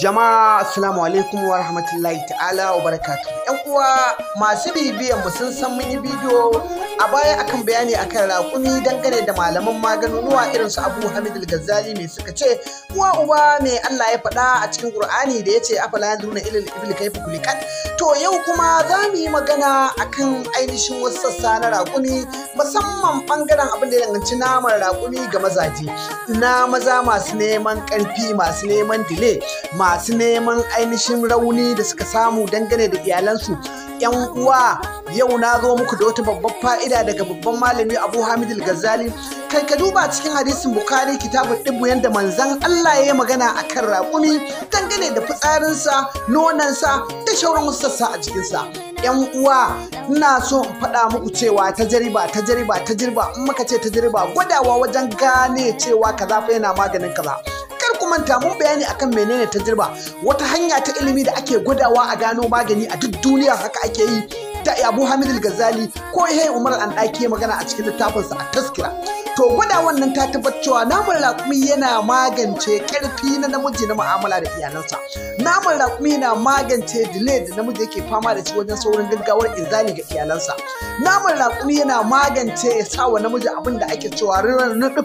Jama'a assalamu alaikum wa rahmatullahi ta'ala wa barakatuhu. Kuwa masu bibiyan mu sun san mun bidiyo a baya akan bayani akan raƙumi dangane da malaman maganunuwa irin su Abu Hamid Al-Ghazali mai suka ce uwa uba me Allah ya faɗa a cikin Qur'ani da yace afala yanzuruna ilal ibl kayfa kulikat to yau kuma za mu yi magana akan ainihin wasu sassa na raƙumi musamman bangaren abin da ya danganci naman raƙumi ga mazaje na maza masu neman ƙarfi masu neman dile masu neman ainihin rauni da suka samu dangane da iyalansu yan uwa yau na zo muku da wata babbar fa'ida daga babban malami Abu Hamid gazali kai ka duba cikin hadisin bukari kitabun dibbu yanda manzan Allah ya yi magana kan raƙumi dangane da fitsarinsa nonansa da shauran sassa a jikinsa yan uwa ina so in faɗa muku cewa "ta jariba, ta ta jariba in muka ce ta jariba" gwadawa wajen gane cewa kaza fa yana maganin kaza kar ku manta mun bayani akan menene tajriba wata hanya ta ilimi da ake gwadawa a gano magani a duk duniya haka ake yi ta Abu Hamid al-Ghazali ko Yahya Umar al-Daki magana a cikin littafinsa a taskira to gwada wannan ta tabbatar cewa naman raƙumi yana magance ƙarfi na namiji na mu'amala da iyalansa naman raƙumi na magance delay da namiji yake fama da shi wajen saurin gaggawar inzali ga iyalansa naman raƙumi yana magance ya sa wa namiji abin da ake cewa rirar nufa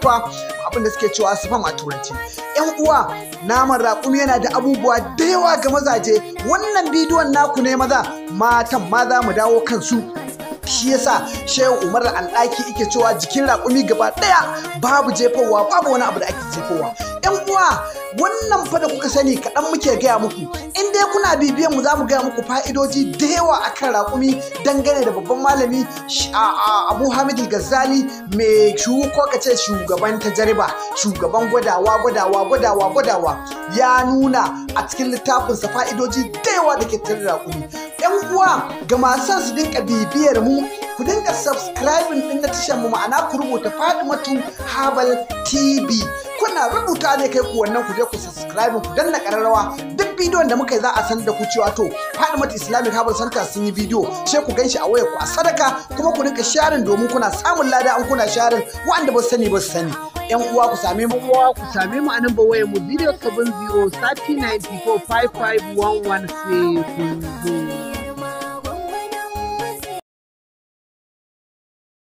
abin da suke cewa su a turanci yan uwa naman raƙumi yana da abubuwa da yawa ga mazaje wannan bidiyon naku ne maza matan ma za mu dawo kansu shi yasa shehu umar da al'aki yake cewa jikin raƙumi gaba ɗaya babu jefowa babu wani abu da ake jefowa yan uwa wannan fa da kuka sani kaɗan muke gaya muku in dai kuna bibiyan mu za mu gaya muku fa'idoji da yawa akan raƙumi dangane da babban malami abu hamidu gazali mai shuhu ko kace shugaban tajariba shugaban gwadawa gwadawa gwadawa gwadawa ya nuna a cikin littafinsa fa'idoji da yawa da ke tare da raƙumi uwa ga masu su dinka bibiyar mu ku dinka subscribe din na tashar mu ma'ana ku rubuta Fatimatu Habal TV kuna rubuta ne kai ku wannan ku je ku subscribe ku danna kararrawa duk bidiyon da muka yi za a sanar da ku cewa to Fatimatu Islamic Habal Center sun yi bidiyo sai ku ganshi a wayar ku a sadaka kuma ku dinka sharing domin kuna samun lada an kuna sharing wanda ba su sani ba su sani yan uwa ku same mu uwa ku same mu a nan ba wayar mu 070 3094 5511 sai ku zo